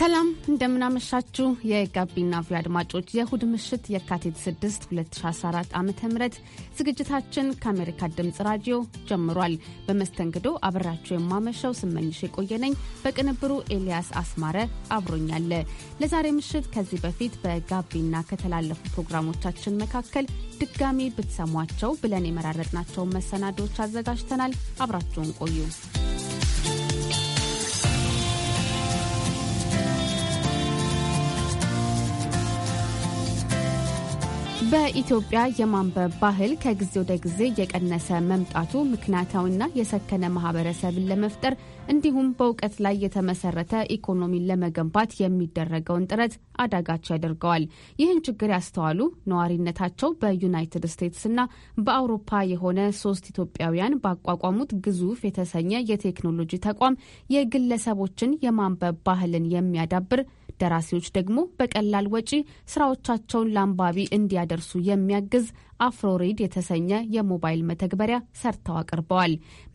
ሰላም እንደምናመሻችሁ የጋቢና ቪ አድማጮች የእሁድ ምሽት የካቲት 6 2014 ዓ ም ዝግጅታችን ከአሜሪካ ድምፅ ራዲዮ ጀምሯል። በመስተንግዶ አብራችሁ የማመሸው ስመኝሽ የቆየነኝ፣ በቅንብሩ ኤልያስ አስማረ አብሮኛለ። ለዛሬ ምሽት ከዚህ በፊት በጋቢና ከተላለፉ ፕሮግራሞቻችን መካከል ድጋሚ ብትሰሟቸው ብለን የመራረጥናቸውን መሰናዶዎች አዘጋጅተናል። አብራችሁን ቆዩ። በኢትዮጵያ የማንበብ ባህል ከጊዜ ወደ ጊዜ እየቀነሰ መምጣቱ ምክንያታዊና የሰከነ ማህበረሰብን ለመፍጠር እንዲሁም በእውቀት ላይ የተመሰረተ ኢኮኖሚን ለመገንባት የሚደረገውን ጥረት አዳጋች ያደርገዋል። ይህን ችግር ያስተዋሉ ነዋሪነታቸው በዩናይትድ ስቴትስና በአውሮፓ የሆነ ሶስት ኢትዮጵያውያን ባቋቋሙት ግዙፍ የተሰኘ የቴክኖሎጂ ተቋም የግለሰቦችን የማንበብ ባህልን የሚያዳብር ደራሲዎች ደግሞ በቀላል ወጪ ስራዎቻቸውን ለአንባቢ እንዲያደርሱ የሚያግዝ አፍሮሪድ የተሰኘ የሞባይል መተግበሪያ ሰርተው አቅርበዋል።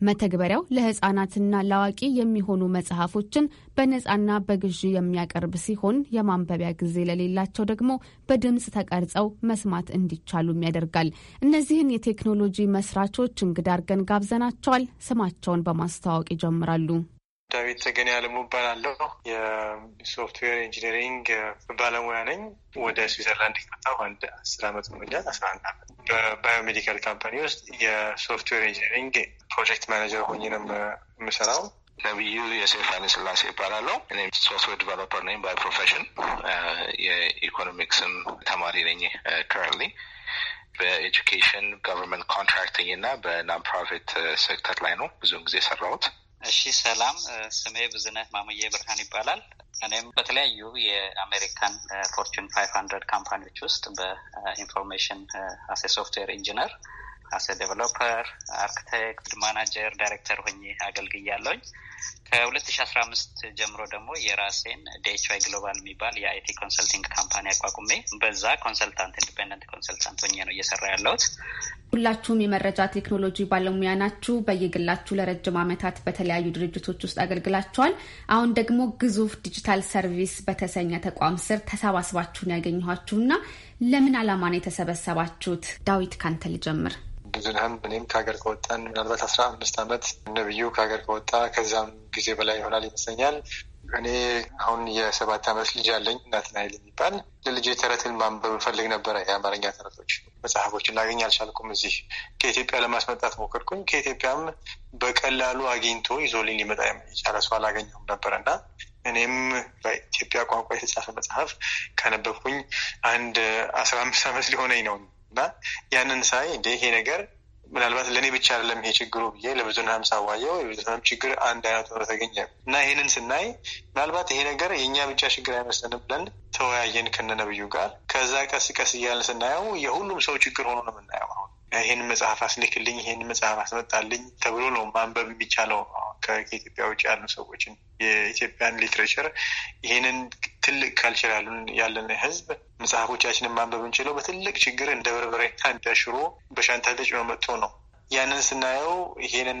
መተግበሪያው ለህጻናትና ለአዋቂ የሚሆኑ መጽሐፎችን በነጻና በግዢ የሚያቀርብ ሲሆን የማንበቢያ ጊዜ ለሌላቸው ደግሞ በድምፅ ተቀርጸው መስማት እንዲቻሉም ያደርጋል። እነዚህን የቴክኖሎጂ መስራቾች እንግዳ አርገን ጋብዘናቸዋል። ስማቸውን በማስተዋወቅ ይጀምራሉ። ዳዊት ተገኔ አለሙ እባላለሁ። የሶፍትዌር ኢንጂነሪንግ ባለሙያ ነኝ። ወደ ስዊዘርላንድ የመጣሁ አንድ አስር አመት ሆኖኛል። አስራ አንድ አመት በባዮሜዲካል ካምፓኒ ውስጥ የሶፍትዌር ኢንጂነሪንግ ፕሮጀክት ማኔጀር ሆኜ ነው የምሰራው። ነቢዩ ዮሴፍ ኃይለስላሴ ይባላለሁ። እኔም ሶፍትዌር ዲቨሎፐር ነኝ ባይ ፕሮፌሽን። የኢኮኖሚክስም ተማሪ ነኝ ከረንትሊ በኤጁኬሽን፣ ጋቨርንመንት ኮንትራክቲንግ እና በናን በናንፕሮፊት ሴክተር ላይ ነው ብዙውን ጊዜ ሰራሁት። እሺ ሰላም፣ ስሜ ብዙነህ ማሙዬ ብርሃን ይባላል። እኔም በተለያዩ የአሜሪካን ፎርቹን ፋይቭ ሀንድረድ ካምፓኒዎች ውስጥ በኢንፎርሜሽን አሴ ሶፍትዌር ኢንጂነር፣ አሴ ዴቨሎፐር፣ አርክቴክት፣ ማናጀር፣ ዳይሬክተር ሆኜ አገልግያለሁኝ። ከሁለት ሺ አስራ አምስት ጀምሮ ደግሞ የራሴን ዲኤችዋይ ግሎባል የሚባል የአይቲ ኮንሰልቲንግ ካምፓኒ አቋቁሜ በዛ ኮንሰልታንት ኢንዲፔንደንት ኮንሰልታንት ሆኜ ነው እየሰራ ያለሁት። ሁላችሁም የመረጃ ቴክኖሎጂ ባለሙያ ናችሁ። በየግላችሁ ለረጅም ዓመታት በተለያዩ ድርጅቶች ውስጥ አገልግላችኋል። አሁን ደግሞ ግዙፍ ዲጂታል ሰርቪስ በተሰኘ ተቋም ስር ተሰባስባችሁን ያገኘኋችሁና ለምን ዓላማ ነው የተሰበሰባችሁት? ዳዊት ካንተ ልጀምር። ብዙነህም እኔም ከሀገር ከወጣን ምናልባት አስራ አምስት አመት ነብዩ ከሀገር ከወጣ ከዛም ጊዜ በላይ ይሆናል ይመስለኛል። እኔ አሁን የሰባት አመት ልጅ አለኝ። እናትን ኃይል የሚባል ለልጄ ተረትን ማንበብ እፈልግ ነበረ። የአማርኛ ተረቶች መጽሐፎችን ላገኝ አልቻልኩም። እዚህ ከኢትዮጵያ ለማስመጣት ሞከርኩኝ። ከኢትዮጵያም በቀላሉ አግኝቶ ይዞልኝ ሊመጣ የቻለ ሰው አላገኘሁም ነበረ እና እኔም በኢትዮጵያ ቋንቋ የተጻፈ መጽሐፍ ካነበብኩኝ አንድ አስራ አምስት አመት ሊሆነኝ ነው እና ያንን ሳይ እንደ ይሄ ነገር ምናልባት ለእኔ ብቻ አይደለም ይሄ ችግሩ ብዬ ለብዙንም ሳዋየው የብዙሃንም ችግር አንድ አይነት ሆኖ ተገኘ እና ይህንን ስናይ ምናልባት ይሄ ነገር የእኛ ብቻ ችግር አይመስለንም ብለን ተወያየን ከነነብዩ ጋር። ከዛ ቀስ ቀስ እያለን ስናየው የሁሉም ሰው ችግር ሆኖ ነው የምናየው። አሁን ይህን መጽሐፍ አስልክልኝ፣ ይህን መጽሐፍ አስመጣልኝ ተብሎ ነው ማንበብ የሚቻለው ከኢትዮጵያ ውጭ ያሉ ሰዎችን የኢትዮጵያን ሊትሬቸር ይህንን ትልቅ ካልቸር ያለን ህዝብ መጽሐፎቻችንን ማንበብ እንችለው በትልቅ ችግር እንደ በርበሬና እንደ ሽሮ በሻንጣ ተጭኖ መጥቶ ነው። ያንን ስናየው ይሄንን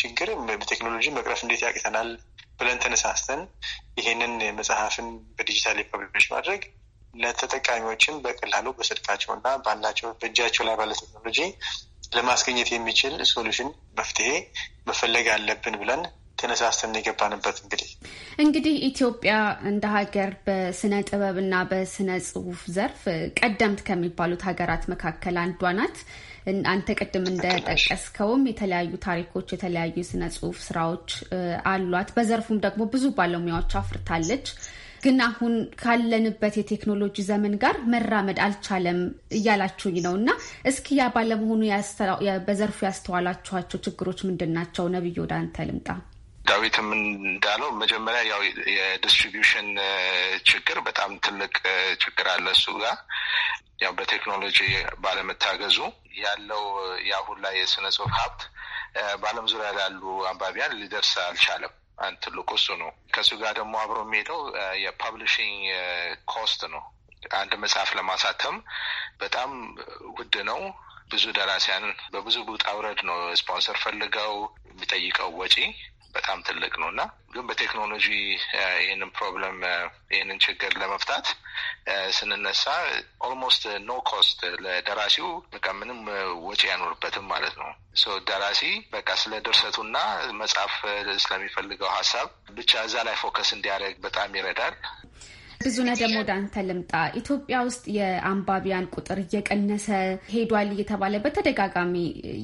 ችግር በቴክኖሎጂ መቅረፍ እንዴት ያቅተናል ብለን ተነሳስተን ይሄንን መጽሐፍን በዲጂታል ፐብሊሽ ማድረግ ለተጠቃሚዎችን በቀላሉ በስልካቸው እና ባላቸው በእጃቸው ላይ ባለ ቴክኖሎጂ ለማስገኘት የሚችል ሶሉሽን መፍትሄ መፈለግ አለብን ብለን ተነሳስተን የገባንበት እንግዲህ እንግዲህ ኢትዮጵያ እንደ ሀገር በስነ ጥበብና በስነ ጽሁፍ ዘርፍ ቀደምት ከሚባሉት ሀገራት መካከል አንዷ ናት። አንተ ቅድም እንደጠቀስከውም የተለያዩ ታሪኮች፣ የተለያዩ ስነ ጽሁፍ ስራዎች አሏት። በዘርፉም ደግሞ ብዙ ባለሙያዎች አፍርታለች። ግን አሁን ካለንበት የቴክኖሎጂ ዘመን ጋር መራመድ አልቻለም እያላችሁኝ ነው እና እስኪ ያ ባለመሆኑ በዘርፉ ያስተዋላችኋቸው ችግሮች ምንድን ናቸው? ነብዮ ወደ አንተ ልምጣ። ዳዊትም እንዳለው መጀመሪያ ያው የዲስትሪቢሽን ችግር በጣም ትልቅ ችግር አለ እሱ ጋር ያው በቴክኖሎጂ ባለመታገዙ ያለው የአሁን ላይ የስነ ጽሁፍ ሀብት በዓለም ዙሪያ ላሉ አንባቢያን ሊደርስ አልቻለም። አንድ ትልቁ እሱ ነው። ከእሱ ጋር ደግሞ አብሮ የሚሄደው የፐብሊሽንግ ኮስት ነው። አንድ መጽሐፍ ለማሳተም በጣም ውድ ነው። ብዙ ደራሲያን በብዙ ውጣ ውረድ ነው ስፖንሰር ፈልገው የሚጠይቀው ወጪ በጣም ትልቅ ነው እና ግን በቴክኖሎጂ ይህንን ፕሮብለም ይህንን ችግር ለመፍታት ስንነሳ ኦልሞስት ኖ ኮስት ለደራሲው በቃ ምንም ወጪ አይኖርበትም ማለት ነው። ደራሲ በቃ ስለ ድርሰቱና መጽሐፍ ስለሚፈልገው ሀሳብ ብቻ እዛ ላይ ፎከስ እንዲያደርግ በጣም ይረዳል። ብዙነህ ደግሞ ወደ አንተ ልምጣ። ኢትዮጵያ ውስጥ የአንባቢያን ቁጥር እየቀነሰ ሄዷል እየተባለ በተደጋጋሚ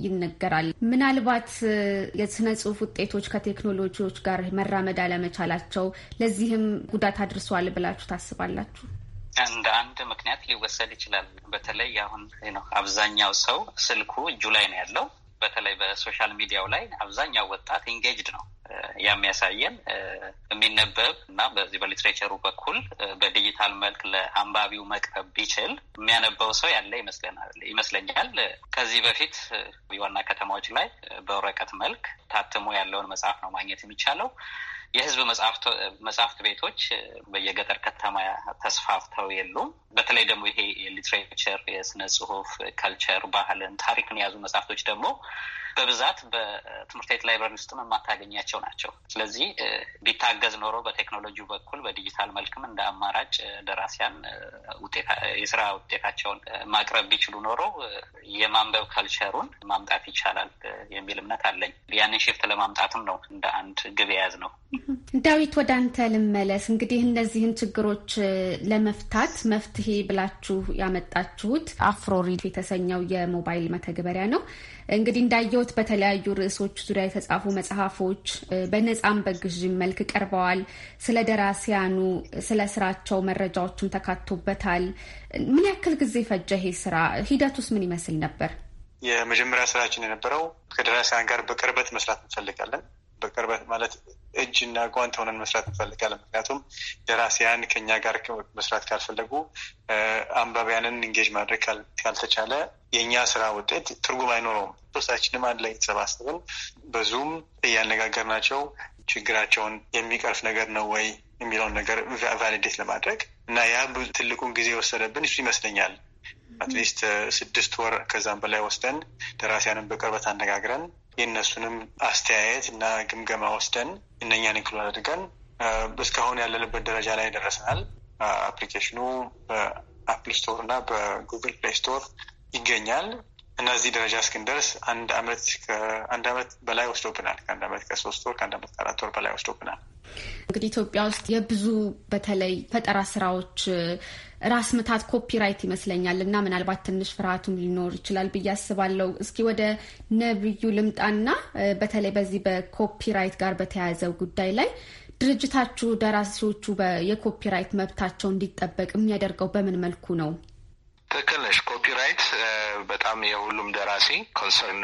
ይነገራል። ምናልባት የስነ ጽሁፍ ውጤቶች ከቴክኖሎጂዎች ጋር መራመድ አለመቻላቸው ለዚህም ጉዳት አድርሰዋል ብላችሁ ታስባላችሁ? እንደ አንድ ምክንያት ሊወሰድ ይችላል። በተለይ አሁን ነው አብዛኛው ሰው ስልኩ እጁ ላይ ነው ያለው በተለይ በሶሻል ሚዲያው ላይ አብዛኛው ወጣት ኢንጌጅድ ነው። ያ የሚያሳየን የሚነበብ እና በዚህ በሊትሬቸሩ በኩል በዲጂታል መልክ ለአንባቢው መቅረብ ቢችል የሚያነበው ሰው ያለ ይመስለኛል። ከዚህ በፊት የዋና ከተማዎች ላይ በወረቀት መልክ ታትሞ ያለውን መጽሐፍ ነው ማግኘት የሚቻለው። የህዝብ መጽሐፍት ቤቶች በየገጠር ከተማ ተስፋፍተው የሉም። በተለይ ደግሞ ይሄ የሊትሬቸር የስነ ጽሁፍ፣ ከልቸር፣ ባህልን፣ ታሪክን የያዙ መጽሐፍቶች ደግሞ በብዛት በትምህርት ቤት ላይብረሪ ውስጥም የማታገኛቸው ናቸው። ስለዚህ ቢታገዝ ኖሮ በቴክኖሎጂ በኩል በዲጂታል መልክም እንደ አማራጭ ደራሲያን የስራ ውጤታቸውን ማቅረብ ቢችሉ ኖሮ የማንበብ ካልቸሩን ማምጣት ይቻላል የሚል እምነት አለኝ። ያንን ሽፍት ለማምጣትም ነው እንደ አንድ ግብ የያዝ ነው። ዳዊት ወደ አንተ ልመለስ። እንግዲህ እነዚህን ችግሮች ለመፍታት መፍትሄ ብላችሁ ያመጣችሁት አፍሮሪድ የተሰኘው የሞባይል መተግበሪያ ነው። እንግዲህ እንዳየሁት በተለያዩ ርዕሶች ዙሪያ የተጻፉ መጽሐፎች በነጻም በግዥም መልክ ቀርበዋል። ስለ ደራሲያኑ ስለ ስራቸው መረጃዎችም ተካቶበታል። ምን ያክል ጊዜ ፈጀ ይሄ ስራ? ሂደቱስ ምን ይመስል ነበር? የመጀመሪያ ስራችን የነበረው ከደራሲያን ጋር በቅርበት መስራት እንፈልጋለን በቅርበት ማለት እጅና ጓንት ሆነን መስራት እንፈልጋለን። ምክንያቱም ደራሲያን ከኛ ጋር መስራት ካልፈለጉ፣ አንባቢያንን እንጌጅ ማድረግ ካልተቻለ የእኛ ስራ ውጤት ትርጉም አይኖረውም። ሶስታችንም አንድ ላይ የተሰባሰብን በዙም እያነጋገርናቸው ችግራቸውን የሚቀርፍ ነገር ነው ወይ የሚለውን ነገር ቫሊዴት ለማድረግ እና ያ ትልቁን ጊዜ የወሰደብን እሱ ይመስለኛል። አትሊስት ስድስት ወር ከዛም በላይ ወስደን ደራሲያንን በቅርበት አነጋግረን የእነሱንም አስተያየት እና ግምገማ ወስደን እነኛን ኢንክሉድ አድርገን እስካሁን ያለንበት ደረጃ ላይ ደረሰናል። አፕሊኬሽኑ በአፕል ስቶር እና በጉግል ፕሌይ ስቶር ይገኛል። እነዚህ ደረጃ እስክንደርስ አንድ አመት ከአንድ አመት በላይ ወስዶብናል። ከአንድ አመት ከሶስት ወር ከአንድ አመት ከአራት ወር በላይ ወስዶብናል። እንግዲህ ኢትዮጵያ ውስጥ የብዙ በተለይ ፈጠራ ስራዎች ራስ ምታት ኮፒራይት ይመስለኛል እና ምናልባት ትንሽ ፍርሃቱም ሊኖር ይችላል ብዬ አስባለሁ። እስኪ ወደ ነብዩ ልምጣና በተለይ በዚህ በኮፒራይት ጋር በተያያዘው ጉዳይ ላይ ድርጅታችሁ ደራሲዎቹ የኮፒራይት መብታቸው እንዲጠበቅ የሚያደርገው በምን መልኩ ነው? ትክክል ነሽ። ኮፒራይት በጣም የሁሉም ደራሲ ኮንሰርን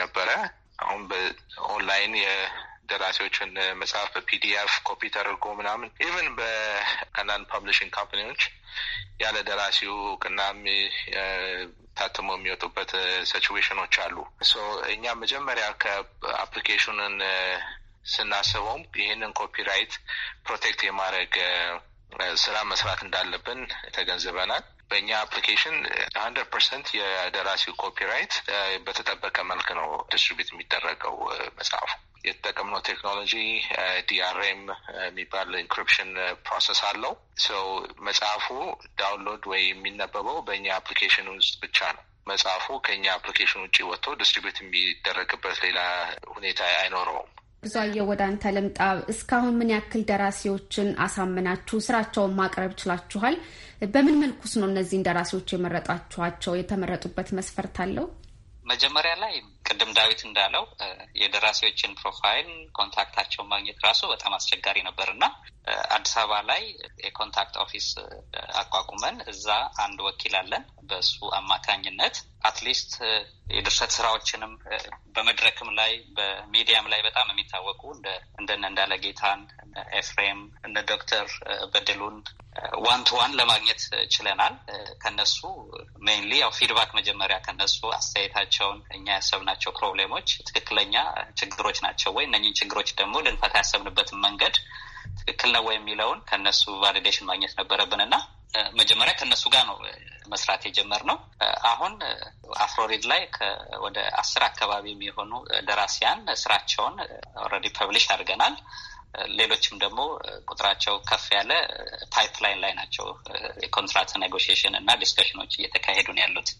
ነበረ። አሁን በኦንላይን ደራሲዎችን መጽሐፍ በፒዲኤፍ ኮፒ ተደርጎ ምናምን ኢቨን በአንዳንድ ፐብሊሽንግ ካምፓኒዎች ያለ ደራሲው ቅናም ታትሞ የሚወጡበት ሲቹዌሽኖች አሉ። እኛ መጀመሪያ ከአፕሊኬሽኑን ስናስበውም ይህንን ኮፒራይት ፕሮቴክት የማድረግ ስራ መስራት እንዳለብን ተገንዝበናል። በእኛ አፕሊኬሽን ሀንድረድ ፐርሰንት የደራሲው ኮፒራይት በተጠበቀ መልክ ነው ዲስትሪቢዩት የሚደረገው uh, መጽሐፉ። የተጠቀምነው ቴክኖሎጂ ዲአርኤም uh, uh, የሚባል ኢንክሪፕሽን ፕሮሰስ አለው። ሰው መጽሐፉ ዳውንሎድ ወይ የሚነበበው በእኛ አፕሊኬሽን ውስጥ ብቻ ነው። መጽሐፉ ከእኛ አፕሊኬሽን ውጭ ወጥቶ ዲስትሪቢዩት የሚደረግበት ሌላ ሁኔታ አይኖረውም። ብዙ አየሁ ወደ አንተ ልምጣ። እስካሁን ምን ያክል ደራሲዎችን አሳምናችሁ ስራቸውን ማቅረብ ችላችኋል? በምን መልኩስ ነው እነዚህ ደራሲዎች የመረጣችኋቸው? የተመረጡበት መስፈርት አለው? መጀመሪያ ላይ ቅድም ዳዊት እንዳለው የደራሲዎችን ፕሮፋይል ኮንታክታቸውን ማግኘት ራሱ በጣም አስቸጋሪ ነበር እና አዲስ አበባ ላይ የኮንታክት ኦፊስ አቋቁመን እዛ አንድ ወኪል አለን። በሱ አማካኝነት አትሊስት የድርሰት ስራዎችንም በመድረክም ላይ በሚዲያም ላይ በጣም የሚታወቁ እንደነ እንዳለ ጌታን፣ ኤፍሬም፣ እነ ዶክተር በድሉን ዋን ቱ ዋን ለማግኘት ችለናል። ከነሱ ሜንሊ ያው ፊድባክ መጀመሪያ ከነሱ አስተያየታቸውን እኛ ያሰብናቸው ፕሮብሌሞች ትክክለኛ ችግሮች ናቸው ወይ፣ እነኝን ችግሮች ደግሞ ልንፈታ ያሰብንበትን መንገድ ትክክል ነው ወይ የሚለውን ከነሱ ቫሊዴሽን ማግኘት ነበረብን እና መጀመሪያ ከነሱ ጋር ነው መስራት የጀመርነው። አሁን አፍሮሪድ ላይ ወደ አስር አካባቢ የሚሆኑ ደራሲያን ስራቸውን ኦልሬዲ ፐብሊሽ አድርገናል። ሌሎችም ደግሞ ቁጥራቸው ከፍ ያለ ፓይፕላይን ላይ ናቸው። የኮንትራት ኔጎሽሽን እና ዲስከሽኖች እየተካሄዱ ነው ያሉት።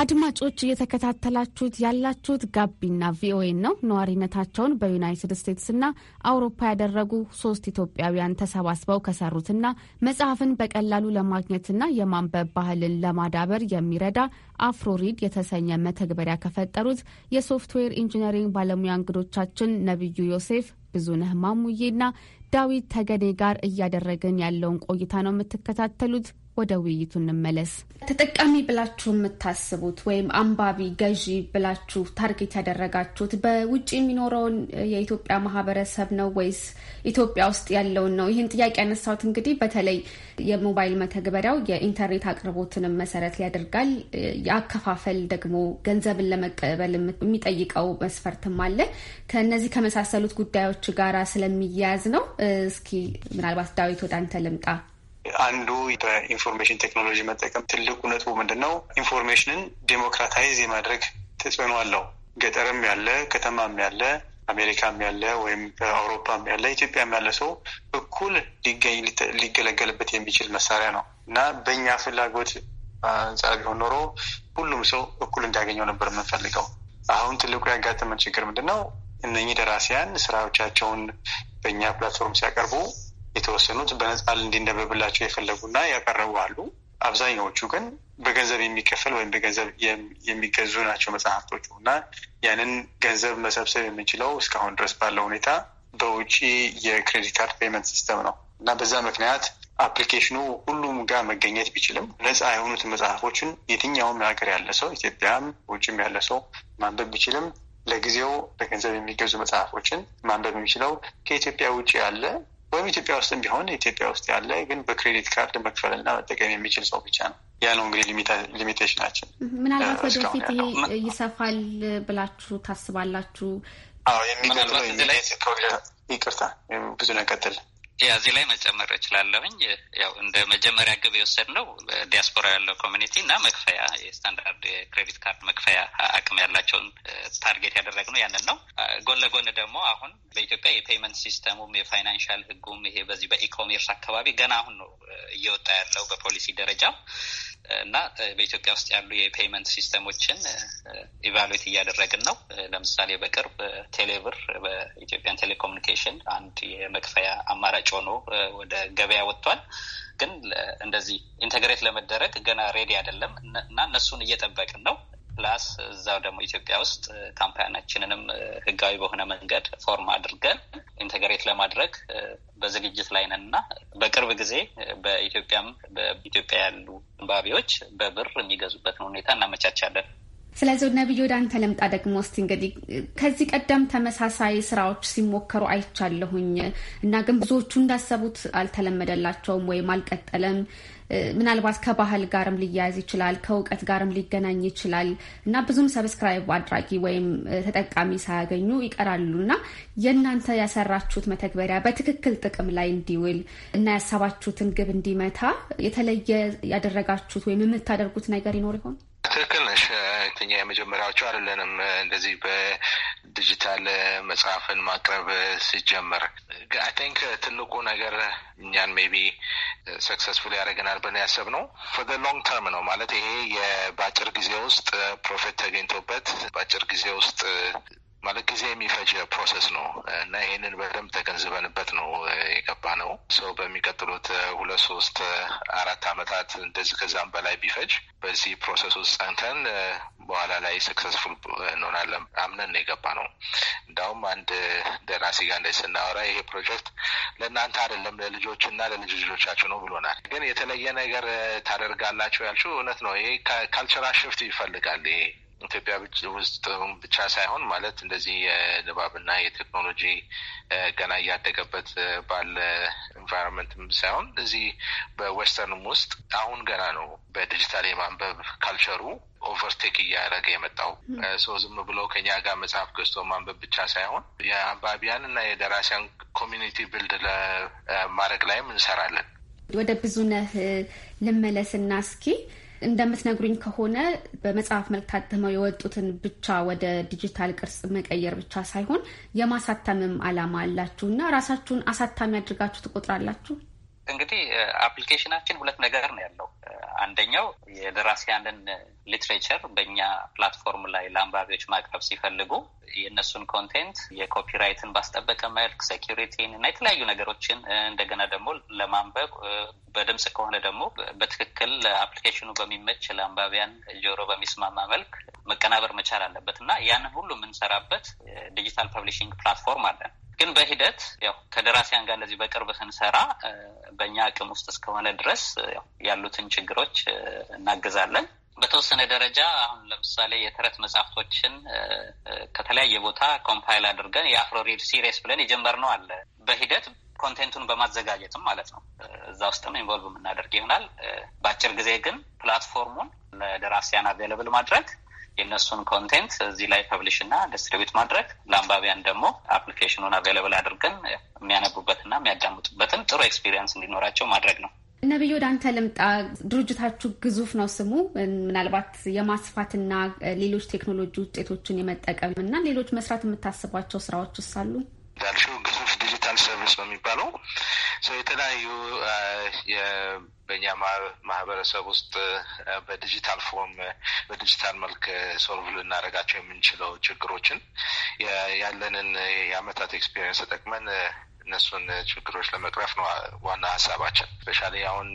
አድማጮች እየተከታተላችሁት ያላችሁት ጋቢና ቪኦኤ ነው። ነዋሪነታቸውን በዩናይትድ ስቴትስና አውሮፓ ያደረጉ ሶስት ኢትዮጵያውያን ተሰባስበው ከሰሩትና መጽሐፍን በቀላሉ ለማግኘትና የማንበብ ባህልን ለማዳበር የሚረዳ አፍሮሪድ የተሰኘ መተግበሪያ ከፈጠሩት የሶፍትዌር ኢንጂነሪንግ ባለሙያ እንግዶቻችን ነቢዩ ዮሴፍ፣ ብዙነህ ማሙዬና ዳዊት ተገኔ ጋር እያደረግን ያለውን ቆይታ ነው የምትከታተሉት። ወደ ውይይቱ እንመለስ። ተጠቃሚ ብላችሁ የምታስቡት ወይም አንባቢ ገዢ ብላችሁ ታርጌት ያደረጋችሁት በውጭ የሚኖረውን የኢትዮጵያ ማህበረሰብ ነው ወይስ ኢትዮጵያ ውስጥ ያለውን ነው? ይህን ጥያቄ ያነሳሁት እንግዲህ በተለይ የሞባይል መተግበሪያው የኢንተርኔት አቅርቦትንም መሰረት ያደርጋል። የአከፋፈል ደግሞ ገንዘብን ለመቀበል የሚጠይቀው መስፈርትም አለ። ከእነዚህ ከመሳሰሉት ጉዳዮች ጋራ ስለሚያያዝ ነው። እስኪ ምናልባት ዳዊት ወደ አንተ ልምጣ። አንዱ በኢንፎርሜሽን ቴክኖሎጂ መጠቀም ትልቁ ነጥቡ ምንድን ነው? ኢንፎርሜሽንን ዴሞክራታይዝ የማድረግ ተጽዕኖ አለው። ገጠርም ያለ ከተማም ያለ አሜሪካም ያለ ወይም አውሮፓም ያለ ኢትዮጵያም ያለ ሰው እኩል ሊገኝ ሊገለገልበት የሚችል መሳሪያ ነው እና በእኛ ፍላጎት አንጻር ቢሆን ኖሮ ሁሉም ሰው እኩል እንዲያገኘው ነበር የምንፈልገው። አሁን ትልቁ ያጋጠመን ችግር ምንድን ነው? እነኚህ ደራሲያን ስራዎቻቸውን በእኛ ፕላትፎርም ሲያቀርቡ የተወሰኑት በነጻ እንዲነበብላቸው የፈለጉና ያቀረቡ አሉ። አብዛኛዎቹ ግን በገንዘብ የሚከፈል ወይም በገንዘብ የሚገዙ ናቸው መጽሐፍቶቹ እና ያንን ገንዘብ መሰብሰብ የምንችለው እስካሁን ድረስ ባለው ሁኔታ በውጪ የክሬዲት ካርድ ፔመንት ሲስተም ነው እና በዛ ምክንያት አፕሊኬሽኑ ሁሉም ጋር መገኘት ቢችልም ነጻ የሆኑትን መጽሐፎችን የትኛውም ሀገር ያለ ሰው ኢትዮጵያም ውጭም ያለ ሰው ማንበብ ቢችልም ለጊዜው በገንዘብ የሚገዙ መጽሐፎችን ማንበብ የሚችለው ከኢትዮጵያ ውጭ ያለ ወይም ኢትዮጵያ ውስጥም ቢሆን ኢትዮጵያ ውስጥ ያለ ግን በክሬዲት ካርድ መክፈል እና መጠቀም የሚችል ሰው ብቻ ነው። ያ ነው እንግዲህ ሊሚቴሽናችን። ምናልባት ወደፊት ይሄ ይሰፋል ብላችሁ ታስባላችሁ? አዎ የሚቀጥለው ይቅርታ ብዙ ነቀጥል እዚህ ላይ መጨመር እችላለሁኝ። ያው እንደ መጀመሪያ ግብ ነው ዲያስፖራ ያለው ኮሚኒቲ እና መክፈያ የስታንዳርድ የክሬዲት ካርድ መክፈያ አቅም ያላቸውን ታርጌት ያደረግነው ያንን ነው። ጎን ለጎን ደግሞ አሁን በኢትዮጵያ የፔይመንት ሲስተሙም የፋይናንሻል ህጉም ይሄ በዚህ በኢኮሜርስ አካባቢ ገና አሁን ነው እየወጣ ያለው በፖሊሲ ደረጃ እና በኢትዮጵያ ውስጥ ያሉ የፔይመንት ሲስተሞችን ኢቫሉዌት እያደረግን ነው። ለምሳሌ በቅርብ ቴሌብር በኢትዮጵያን ቴሌኮሙኒኬሽን አንድ የመክፈያ አማራጭ ሽያጭ ሆኖ ወደ ገበያ ወጥቷል። ግን እንደዚህ ኢንተግሬት ለመደረግ ገና ሬዲ አይደለም እና እነሱን እየጠበቅን ነው። ፕላስ እዛው ደግሞ ኢትዮጵያ ውስጥ ካምፓናችንንም ህጋዊ በሆነ መንገድ ፎርም አድርገን ኢንተግሬት ለማድረግ በዝግጅት ላይ ነን እና በቅርብ ጊዜ በኢትዮጵያም በኢትዮጵያ ያሉ አንባቢዎች በብር የሚገዙበትን ሁኔታ እናመቻቻለን። ስለዚህ ወደ ወደ አንተ ልምጣ። ደግሞ እስቲ እንግዲህ ከዚህ ቀደም ተመሳሳይ ስራዎች ሲሞከሩ አይቻለሁኝ እና ግን ብዙዎቹ እንዳሰቡት አልተለመደላቸውም ወይም አልቀጠለም። ምናልባት ከባህል ጋርም ሊያያዝ ይችላል፣ ከእውቀት ጋርም ሊገናኝ ይችላል እና ብዙም ሰብስክራይብ አድራጊ ወይም ተጠቃሚ ሳያገኙ ይቀራሉ እና የእናንተ ያሰራችሁት መተግበሪያ በትክክል ጥቅም ላይ እንዲውል እና ያሰባችሁትን ግብ እንዲመታ የተለየ ያደረጋችሁት ወይም የምታደርጉት ነገር ይኖር ይሆን? ትክክል ነሽ። እኛ የመጀመሪያዎቹ አይደለንም። እንደዚህ በዲጂታል መጽሐፍን ማቅረብ ሲጀመር አይ ቲንክ ትልቁ ነገር እኛን ሜቢ ሰክሰስፉል ያደረገናል ብለን ያሰብነው ፎር ሎንግ ተርም ነው ማለት ይሄ በአጭር ጊዜ ውስጥ ፕሮፊት ተገኝቶበት ባጭር ጊዜ ውስጥ ማለት ጊዜ የሚፈጅ ፕሮሰስ ነው እና ይህንን በደንብ ተገንዝበንበት ነው የገባ ነው። ሰው በሚቀጥሉት ሁለት ሶስት አራት አመታት እንደዚህ ከዛም በላይ ቢፈጅ በዚህ ፕሮሰስ ውስጥ ጸንተን በኋላ ላይ ሰክሰስፉል እንሆናለን አምነን ነው የገባ ነው። እንዳውም አንድ ደራሲ ጋር እንደ ስናወራ ይሄ ፕሮጀክት ለእናንተ አይደለም ለልጆች እና ለልጅ ልጆቻችሁ ነው ብሎናል። ግን የተለየ ነገር ታደርጋላችሁ ያልችው እውነት ነው። ይሄ ካልቸራል ሽፍት ይፈልጋል ይሄ ኢትዮጵያ ውስጥ ብቻ ሳይሆን ማለት እንደዚህ የንባብና የቴክኖሎጂ ገና እያደገበት ባለ ኢንቫይሮንመንትም ሳይሆን እዚህ በዌስተርንም ውስጥ አሁን ገና ነው በዲጂታል የማንበብ ካልቸሩ ኦቨርቴክ እያደረገ የመጣው ሰው ዝም ብሎ ከኛ ጋር መጽሐፍ ገዝቶ ማንበብ ብቻ ሳይሆን የአንባቢያን እና የደራሲያን ኮሚኒቲ ብልድ ለማድረግ ላይም እንሰራለን። ወደ ብዙነህ ልመለስና እስኪ እንደምትነግሩኝ ከሆነ በመጽሐፍ መልክ ታትመው የወጡትን ብቻ ወደ ዲጂታል ቅርጽ መቀየር ብቻ ሳይሆን የማሳተምም ዓላማ አላችሁ እና ራሳችሁን አሳታሚ አድርጋችሁ ትቆጥራላችሁ? እንግዲህ አፕሊኬሽናችን ሁለት ነገር ነው ያለው። አንደኛው የደራሲያንን ሊትሬቸር በእኛ ፕላትፎርም ላይ ለአንባቢዎች ማቅረብ ሲፈልጉ የእነሱን ኮንቴንት የኮፒራይትን ባስጠበቀ መልክ ሴኪሪቲን እና የተለያዩ ነገሮችን እንደገና ደግሞ ለማንበብ በድምፅ ከሆነ ደግሞ በትክክል አፕሊኬሽኑ በሚመች ለአንባቢያን ጆሮ በሚስማማ መልክ መቀናበር መቻል አለበት እና ያንን ሁሉ የምንሰራበት ዲጂታል ፐብሊሽንግ ፕላትፎርም አለን። ግን በሂደት ያው ከደራሲያን ጋር እንደዚህ በቅርብ ስንሰራ በእኛ አቅም ውስጥ እስከሆነ ድረስ ያሉትን ችግሮች እናግዛለን። በተወሰነ ደረጃ አሁን ለምሳሌ የተረት መጽሐፍቶችን ከተለያየ ቦታ ኮምፓይል አድርገን የአፍሮሪድ ሲሪስ ብለን የጀመርነው አለ። በሂደት ኮንቴንቱን በማዘጋጀትም ማለት ነው። እዛ ውስጥም ኢንቮልቭ የምናደርግ ይሆናል። በአጭር ጊዜ ግን ፕላትፎርሙን ለደራሲያን አቬለብል ማድረግ የእነሱን ኮንቴንት እዚህ ላይ ፐብሊሽ እና ዲስትሪቢዩት ማድረግ ለአንባቢያን ደግሞ አፕሊኬሽኑን አቬለብል አድርገን የሚያነቡበትና የሚያዳምጡበትን ጥሩ ኤክስፒሪየንስ እንዲኖራቸው ማድረግ ነው። ነቢይ ወደ አንተ ልምጣ። ድርጅታችሁ ግዙፍ ነው ስሙ። ምናልባት የማስፋትና ሌሎች ቴክኖሎጂ ውጤቶችን የመጠቀም እና ሌሎች መስራት የምታስቧቸው ስራዎች ውስጥ አሉ? እንዳልሽው ግዙፍ ሶሻል ሰርቪስ በሚባለው የተለያዩ በእኛ ማህበረሰብ ውስጥ በዲጂታል ፎርም በዲጂታል መልክ ሶልቭ ልናደርጋቸው የምንችለው ችግሮችን ያለንን የአመታት ኤክስፔሪንስ ተጠቅመን እነሱን ችግሮች ለመቅረፍ ነው ዋና ሀሳባችን። ስፔሻሊ አሁን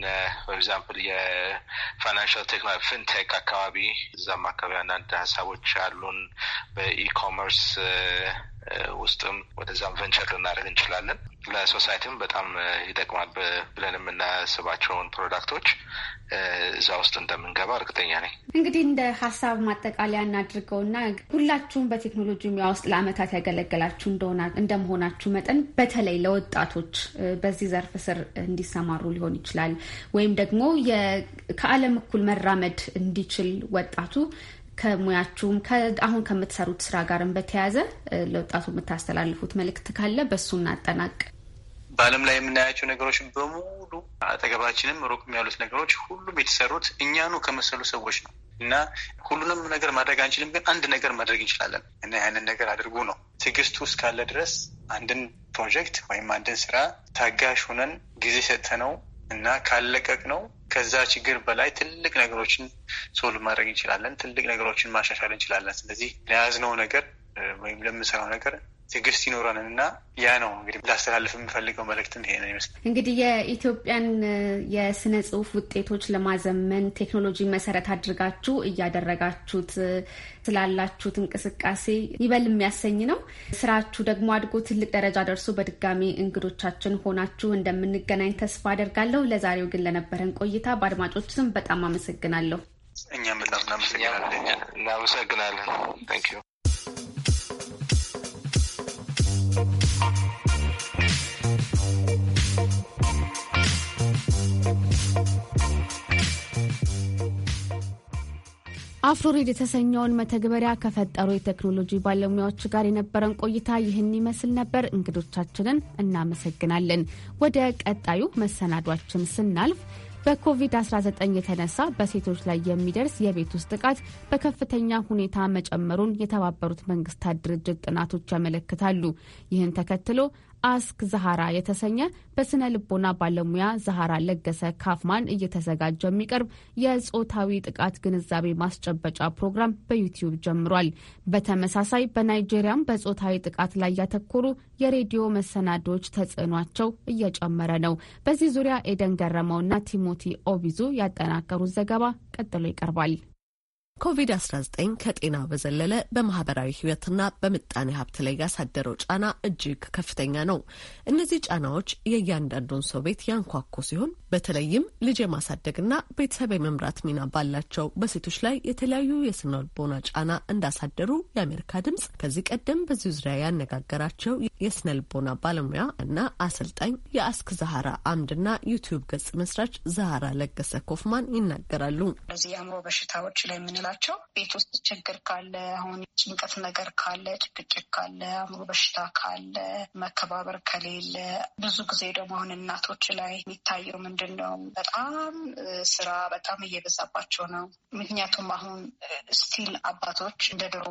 ኤግዛምፕል የፋይናንሽል ቴክኖ ፊንቴክ አካባቢ እዛም አካባቢ አንዳንድ ሀሳቦች አሉን። በኢኮመርስ ውስጥም ወደዛም ቨንቸር ልናደርግ እንችላለን። ለሶሳይቲም በጣም ይጠቅማል ብለን የምናስባቸውን ፕሮዳክቶች እዛ ውስጥ እንደምንገባ እርግጠኛ ነኝ። እንግዲህ እንደ ሀሳብ ማጠቃለያ እና ሁላችሁም በቴክኖሎጂ ሙያ ውስጥ ለአመታት ያገለገላችሁ እንደመሆናችሁ መጠን በተለይ ለወጣቶች በዚህ ዘርፍ ስር እንዲሰማሩ ሊሆን ይችላል ወይም ደግሞ ከዓለም እኩል መራመድ እንዲችል ወጣቱ ከሙያችሁም አሁን ከምትሰሩት ስራ ጋርም በተያያዘ ለወጣቱ የምታስተላልፉት መልእክት ካለ በእሱ እናጠናቅ። በዓለም ላይ የምናያቸው ነገሮች በሙሉ አጠገባችንም ሩቅም ያሉት ነገሮች ሁሉም የተሰሩት እኛኑ ከመሰሉ ሰዎች ነው እና ሁሉንም ነገር ማድረግ አንችልም፣ ግን አንድ ነገር ማድረግ እንችላለን እና ያንን ነገር አድርጉ ነው። ትዕግስቱ እስካለ ድረስ አንድን ፕሮጀክት ወይም አንድን ስራ ታጋሽ ሆነን ጊዜ ሰጥተነው እና ካለቀቅ ነው ከዛ ችግር በላይ ትልቅ ነገሮችን ሶልቭ ማድረግ እንችላለን። ትልቅ ነገሮችን ማሻሻል እንችላለን። ስለዚህ ለያዝነው ነገር ወይም ለምንሰራው ነገር ትግስት ሲኖረን እና ያ ነው እንግዲህ ላስተላልፍ የምፈልገው መልእክት ይሄ ነው ይመስላል። እንግዲህ የኢትዮጵያን የስነ ጽሁፍ ውጤቶች ለማዘመን ቴክኖሎጂ መሰረት አድርጋችሁ እያደረጋችሁት ስላላችሁት እንቅስቃሴ ይበል የሚያሰኝ ነው። ስራችሁ ደግሞ አድጎ ትልቅ ደረጃ ደርሶ በድጋሚ እንግዶቻችን ሆናችሁ እንደምንገናኝ ተስፋ አደርጋለሁ። ለዛሬው ግን ለነበረን ቆይታ በአድማጮች ስም በጣም አመሰግናለሁ። እኛም በጣም እናመሰግናለን። እናመሰግናለን። አፍሮሬድ የተሰኘውን መተግበሪያ ከፈጠሩ የቴክኖሎጂ ባለሙያዎች ጋር የነበረን ቆይታ ይህን ይመስል ነበር። እንግዶቻችንን እናመሰግናለን። ወደ ቀጣዩ መሰናዷችን ስናልፍ በኮቪድ-19 የተነሳ በሴቶች ላይ የሚደርስ የቤት ውስጥ ጥቃት በከፍተኛ ሁኔታ መጨመሩን የተባበሩት መንግስታት ድርጅት ጥናቶች ያመለክታሉ። ይህን ተከትሎ አስክ ዛሃራ የተሰኘ በስነ ልቦና ባለሙያ ዛሃራ ለገሰ ካፍማን እየተዘጋጀ የሚቀርብ የጾታዊ ጥቃት ግንዛቤ ማስጨበጫ ፕሮግራም በዩቲዩብ ጀምሯል። በተመሳሳይ በናይጄሪያም በጾታዊ ጥቃት ላይ ያተኮሩ የሬዲዮ መሰናዶዎች ተጽዕኗቸው እየጨመረ ነው። በዚህ ዙሪያ ኤደን ገረመውና ቲሞቲ ኦቢዙ ያጠናቀሩት ዘገባ ቀጥሎ ይቀርባል። ኮቪድ-19 ከጤና በዘለለ በማህበራዊ ህይወትና በምጣኔ ሀብት ላይ ያሳደረው ጫና እጅግ ከፍተኛ ነው። እነዚህ ጫናዎች የእያንዳንዱን ሰው ቤት ያንኳኩ ሲሆን በተለይም ልጅ የማሳደግና ቤተሰብ የመምራት ሚና ባላቸው በሴቶች ላይ የተለያዩ የስነልቦና ጫና እንዳሳደሩ የአሜሪካ ድምጽ ከዚህ ቀደም በዚህ ዙሪያ ያነጋገራቸው የስነ ልቦና ባለሙያ እና አሰልጣኝ የአስክ ዛሀራ አምድና ዩቲዩብ ገጽ መስራች ዛሀራ ለገሰ ኮፍማን ይናገራሉ። እነዚህ የአእምሮ በሽታዎች ላይ የምንላቸው ቤት ውስጥ ችግር ካለ፣ አሁን ጭንቀት ነገር ካለ፣ ጭቅጭቅ ካለ፣ አእምሮ በሽታ ካለ፣ መከባበር ከሌለ፣ ብዙ ጊዜ ደግሞ አሁን እናቶች ላይ የሚታየው ምንድን ነው? በጣም ስራ በጣም እየበዛባቸው ነው። ምክንያቱም አሁን ስቲል አባቶች እንደ ድሮ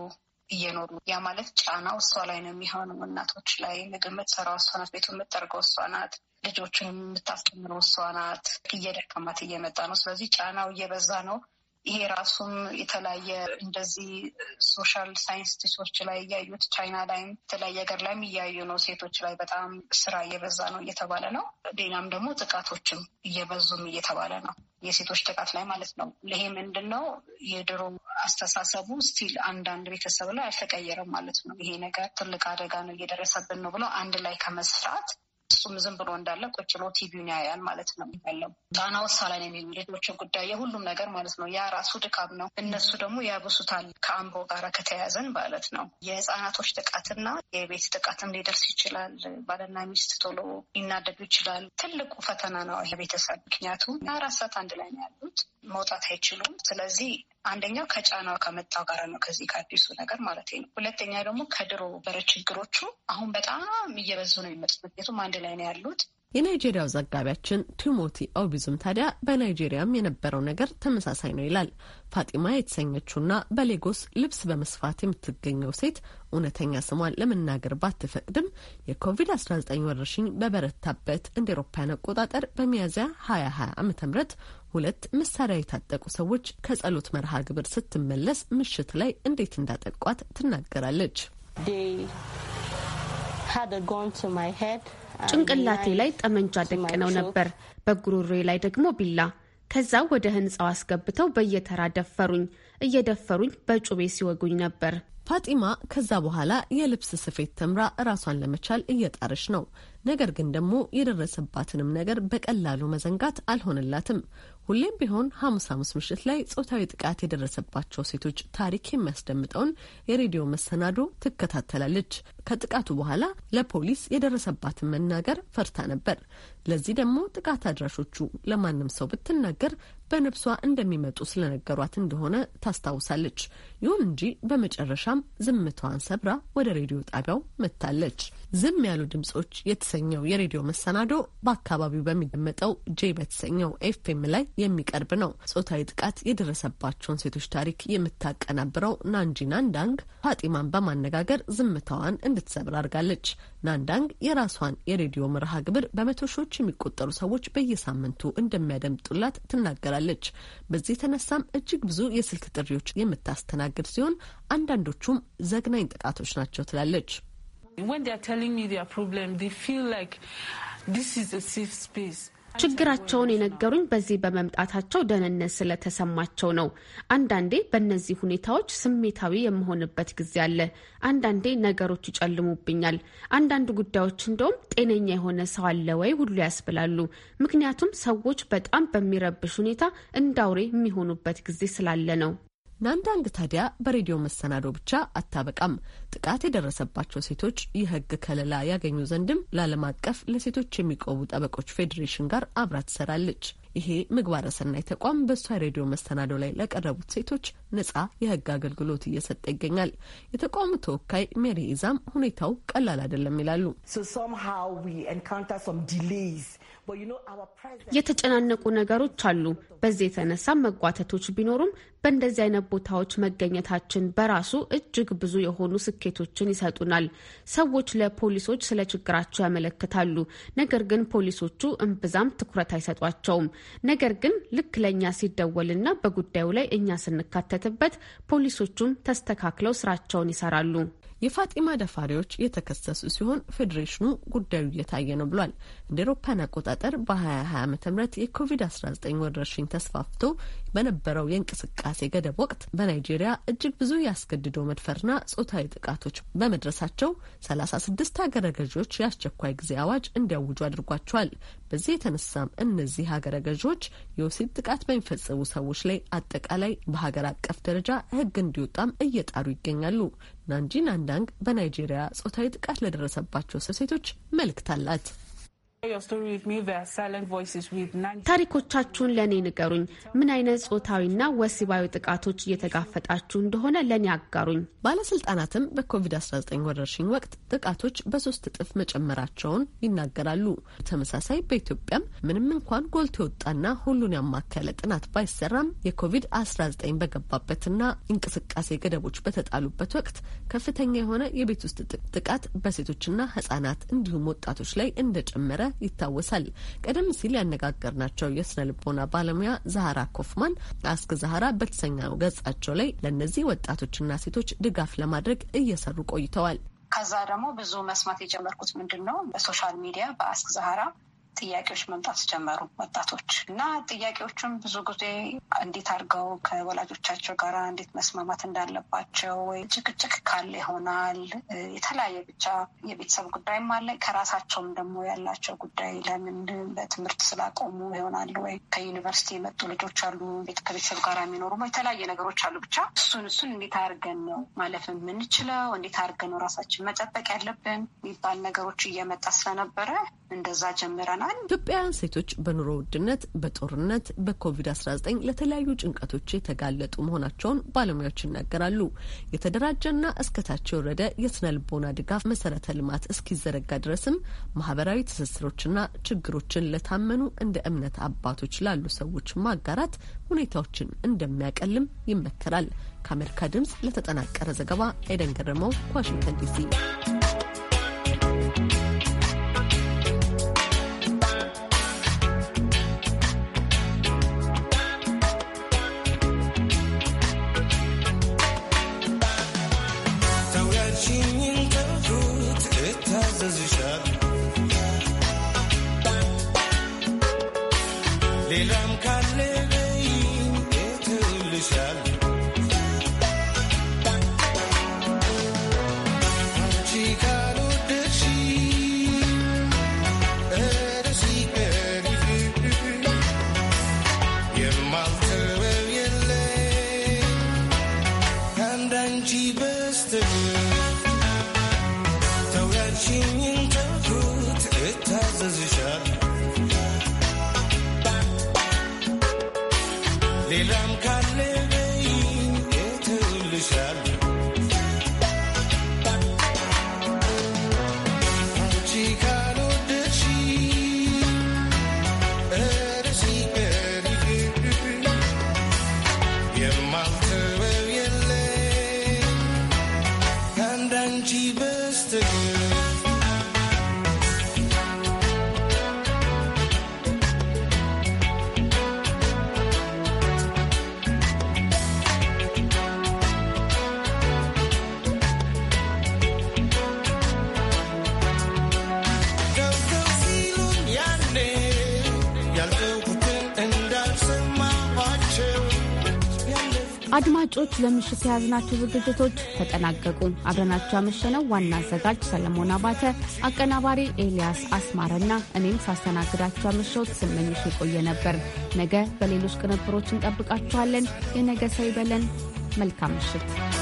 እየኖሩ ያ ማለት ጫናው እሷ ላይ ነው የሚሆነው። እናቶች ላይ ምግብ የምትሰራው እሷ ናት፣ ቤቱ የምትጠርገው እሷ ናት፣ ልጆቹን የምታስተምረው እሷ ናት። እየደከማት እየመጣ ነው። ስለዚህ ጫናው እየበዛ ነው። ይሄ ራሱም የተለያየ እንደዚህ ሶሻል ሳይንቲስቶች ላይ እያዩት ቻይና ላይም የተለያየ ሀገር ላይም እያዩ ነው። ሴቶች ላይ በጣም ስራ እየበዛ ነው እየተባለ ነው። ሌላም ደግሞ ጥቃቶችም እየበዙም እየተባለ ነው። የሴቶች ጥቃት ላይ ማለት ነው። ይሄ ምንድን ነው የድሮ አስተሳሰቡ ስቲል አንዳንድ ቤተሰብ ላይ አልተቀየረም ማለት ነው። ይሄ ነገር ትልቅ አደጋ ነው እየደረሰብን ነው ብለው አንድ ላይ ከመስራት እሱም ዝም ብሎ እንዳለ ቁጭ ብሎ ቲቪውን ያያል ማለት ነው ያለው ጣና ውሳላን የሚሉ ልጆችን ጉዳይ የሁሉም ነገር ማለት ነው። ያ ራሱ ድካም ነው። እነሱ ደግሞ ያብሱታል። ከአምቦ ጋር ከተያያዘን ማለት ነው የህፃናቶች ጥቃትና የቤት ጥቃትም ሊደርስ ይችላል። ባልና ሚስት ቶሎ ሊናደዱ ይችላል። ትልቁ ፈተና ነው የቤተሰብ ምክንያቱም አራት ሰዓት አንድ ላይ ነው ያሉት፣ መውጣት አይችሉም። ስለዚህ አንደኛው ከጫናው ከመጣው ጋር ነው፣ ከዚህ ከአዲሱ ነገር ማለት ነው። ሁለተኛ ደግሞ ከድሮ በረ ችግሮቹ አሁን በጣም እየበዙ ነው የሚመጡት፣ ምክንያቱም አንድ ላይ ነው ያሉት። የናይጄሪያው ዘጋቢያችን ቲሞቲ ኦቢዙም ታዲያ በናይጄሪያም የነበረው ነገር ተመሳሳይ ነው ይላል። ፋጢማ የተሰኘችውና በሌጎስ ልብስ በመስፋት የምትገኘው ሴት እውነተኛ ስሟን ለመናገር ባትፈቅድም የኮቪድ-19 ወረርሽኝ በበረታበት እንደ ኤሮፓያን አቆጣጠር በሚያዝያ 2020 ዓ ም ሁለት መሳሪያ የታጠቁ ሰዎች ከጸሎት መርሃ ግብር ስትመለስ ምሽት ላይ እንዴት እንዳጠቋት ትናገራለች። ጭንቅላቴ ላይ ጠመንጃ ነው ነበር፣ በጉሮሮዬ ላይ ደግሞ ቢላ። ከዛ ወደ ህንፃው አስገብተው በየተራ ደፈሩኝ። እየደፈሩኝ በጩቤ ሲወጉኝ ነበር። ፋጢማ ከዛ በኋላ የልብስ ስፌት ተምራ ራሷን ለመቻል እየጣረች ነው። ነገር ግን ደግሞ የደረሰባትንም ነገር በቀላሉ መዘንጋት አልሆነላትም። ሁሌም ቢሆን ሐሙስ ሐሙስ ምሽት ላይ ጾታዊ ጥቃት የደረሰባቸው ሴቶች ታሪክ የሚያስደምጠውን የሬዲዮ መሰናዶ ትከታተላለች። ከጥቃቱ በኋላ ለፖሊስ የደረሰባትን መናገር ፈርታ ነበር። ለዚህ ደግሞ ጥቃት አድራሾቹ ለማንም ሰው ብትናገር በነፍሷ እንደሚመጡ ስለነገሯት እንደሆነ ታስታውሳለች። ይሁን እንጂ በመጨረሻም ዝምታዋን ሰብራ ወደ ሬዲዮ ጣቢያው መጥታለች። ዝም ያሉ ድምጾች የተሰኘው የሬዲዮ መሰናዶ በአካባቢው በሚደመጠው ጄ በተሰኘው ኤፍኤም ላይ የሚቀርብ ነው። ጾታዊ ጥቃት የደረሰባቸውን ሴቶች ታሪክ የምታቀናብረው ናንጂ ናንዳንግ ፋጢማን በማነጋገር ዝምታዋን እንድትሰብር አድርጋለች። ናንዳንግ የራሷን የሬዲዮ መርሃ ግብር በመቶ ሺዎች የሚቆጠሩ ሰዎች በየሳምንቱ እንደሚያደምጡላት ትናገራል። ትችላለች። በዚህ የተነሳም እጅግ ብዙ የስልክ ጥሪዎች የምታስተናግድ ሲሆን አንዳንዶቹም ዘግናኝ ጥቃቶች ናቸው ትላለች። when they are telling me their problem, they feel like this is a safe space. ችግራቸውን የነገሩኝ በዚህ በመምጣታቸው ደህንነት ስለተሰማቸው ነው። አንዳንዴ በእነዚህ ሁኔታዎች ስሜታዊ የምሆንበት ጊዜ አለ። አንዳንዴ ነገሮች ይጨልሙብኛል። አንዳንድ ጉዳዮች እንደውም ጤነኛ የሆነ ሰው አለ ወይ ሁሉ ያስብላሉ። ምክንያቱም ሰዎች በጣም በሚረብሽ ሁኔታ እንዳውሬ የሚሆኑበት ጊዜ ስላለ ነው። ናንዳንግ ታዲያ በሬዲዮ መሰናዶ ብቻ አታበቃም። ጥቃት የደረሰባቸው ሴቶች የህግ ከለላ ያገኙ ዘንድም ለዓለም አቀፍ ለሴቶች የሚቆሙ ጠበቆች ፌዴሬሽን ጋር አብራ ትሰራለች። ይሄ ምግባረ ሰናይ ተቋም በእሷ ሬዲዮ መሰናዶ ላይ ለቀረቡት ሴቶች ነጻ የህግ አገልግሎት እየሰጠ ይገኛል። የተቋሙ ተወካይ ሜሪ ኢዛም ሁኔታው ቀላል አይደለም ይላሉ። የተጨናነቁ ነገሮች አሉ። በዚህ የተነሳ መጓተቶች ቢኖሩም በእንደዚህ አይነት ቦታዎች መገኘታችን በራሱ እጅግ ብዙ የሆኑ ስኬቶችን ይሰጡናል። ሰዎች ለፖሊሶች ስለ ችግራቸው ያመለክታሉ፣ ነገር ግን ፖሊሶቹ እምብዛም ትኩረት አይሰጧቸውም። ነገር ግን ልክ ለእኛ ሲደወልና በጉዳዩ ላይ እኛ ስንካተትበት ፖሊሶቹም ተስተካክለው ስራቸውን ይሰራሉ። የፋጢማ ደፋሪዎች የተከሰሱ ሲሆን ፌዴሬሽኑ ጉዳዩ እየታየ ነው ብሏል። እንደ ኤሮፓን አቆጣጠር በ2020 ዓ ም የኮቪድ-19 ወረርሽኝ ተስፋፍቶ በነበረው የእንቅስቃሴ ገደብ ወቅት በናይጄሪያ እጅግ ብዙ ያስገድዶ መድፈርና ጾታዊ ጥቃቶች በመድረሳቸው 36 ሀገረ ገዢዎች የአስቸኳይ ጊዜ አዋጅ እንዲያውጁ አድርጓቸዋል። በዚህ የተነሳም እነዚህ ሀገረ ገዢዎች የወሲብ ጥቃት በሚፈጽሙ ሰዎች ላይ አጠቃላይ በሀገር አቀፍ ደረጃ ሕግ እንዲወጣም እየጣሩ ይገኛሉ። ናንጂን አንዳንግ በናይጄሪያ ጾታዊ ጥቃት ለደረሰባቸው ሴቶች መልእክት አላት። ታሪኮቻችሁን ለእኔ ንገሩኝ። ምን አይነት ጾታዊና ወሲባዊ ጥቃቶች እየተጋፈጣችሁ እንደሆነ ለእኔ አጋሩኝ። ባለስልጣናትም በኮቪድ-19 ወረርሽኝ ወቅት ጥቃቶች በሶስት እጥፍ መጨመራቸውን ይናገራሉ። ተመሳሳይ በኢትዮጵያም ምንም እንኳን ጎልቶ የወጣና ሁሉን ያማከለ ጥናት ባይሰራም የኮቪድ-19 በገባበትና እንቅስቃሴ ገደቦች በተጣሉበት ወቅት ከፍተኛ የሆነ የቤት ውስጥ ጥቃት በሴቶችና ህጻናት እንዲሁም ወጣቶች ላይ እንደጨመረ ይታወሳል። ቀደም ሲል ያነጋገርናቸው የስነ ልቦና ባለሙያ ዛህራ ኮፍማን አስክ ዛህራ በተሰኘው ገጻቸው ላይ ለእነዚህ ወጣቶችና ሴቶች ድጋፍ ለማድረግ እየሰሩ ቆይተዋል። ከዛ ደግሞ ብዙ መስማት የጀመርኩት ምንድን ነው በሶሻል ሚዲያ በአስክ ዛህራ ጥያቄዎች መምጣት ጀመሩ ወጣቶች እና ጥያቄዎቹም ብዙ ጊዜ እንዴት አድርገው ከወላጆቻቸው ጋር እንዴት መስማማት እንዳለባቸው ወይ ጭቅጭቅ ካለ ይሆናል የተለያየ ብቻ የቤተሰብ ጉዳይም አለ። ከራሳቸውም ደግሞ ያላቸው ጉዳይ ለምን በትምህርት ስላቆሙ ይሆናል ወይ ከዩኒቨርሲቲ የመጡ ልጆች አሉ ከቤተሰብ ጋር የሚኖሩ የተለያየ ነገሮች አሉ። ብቻ እሱን እሱን እንዴት አድርገን ነው ማለፍ የምንችለው እንዴት አድርገን ነው ራሳችን መጠበቅ ያለብን የሚባል ነገሮች እየመጣ ስለነበረ እንደዛ ጀምረናል። ኢትዮጵያውያን ሴቶች በኑሮ ውድነት፣ በጦርነት፣ በኮቪድ-19 ለተለያዩ ጭንቀቶች የተጋለጡ መሆናቸውን ባለሙያዎች ይናገራሉ። የተደራጀና እስከታች የወረደ የስነልቦና ድጋፍ መሰረተ ልማት እስኪዘረጋ ድረስም ማህበራዊ ትስስሮችና ችግሮችን ለታመኑ እንደ እምነት አባቶች ላሉ ሰዎች ማጋራት ሁኔታዎችን እንደሚያቀልም ይመከራል። ከአሜሪካ ድምጽ ለተጠናቀረ ዘገባ ኤደን ገረመው ከዋሽንግተን ዲሲ አድማጮች ለምሽት የያዝናቸው ዝግጅቶች ተጠናቀቁ። አብረናቸው ያመሸነው ዋና አዘጋጅ ሰለሞን አባተ፣ አቀናባሪ ኤልያስ አስማረና እኔም ሳስተናግዳቸው ያመሸሁት ስመኝሽ የቆየ ነበር። ነገ በሌሎች ቅንብሮች እንጠብቃችኋለን። የነገ ሰው ይበለን። መልካም ምሽት።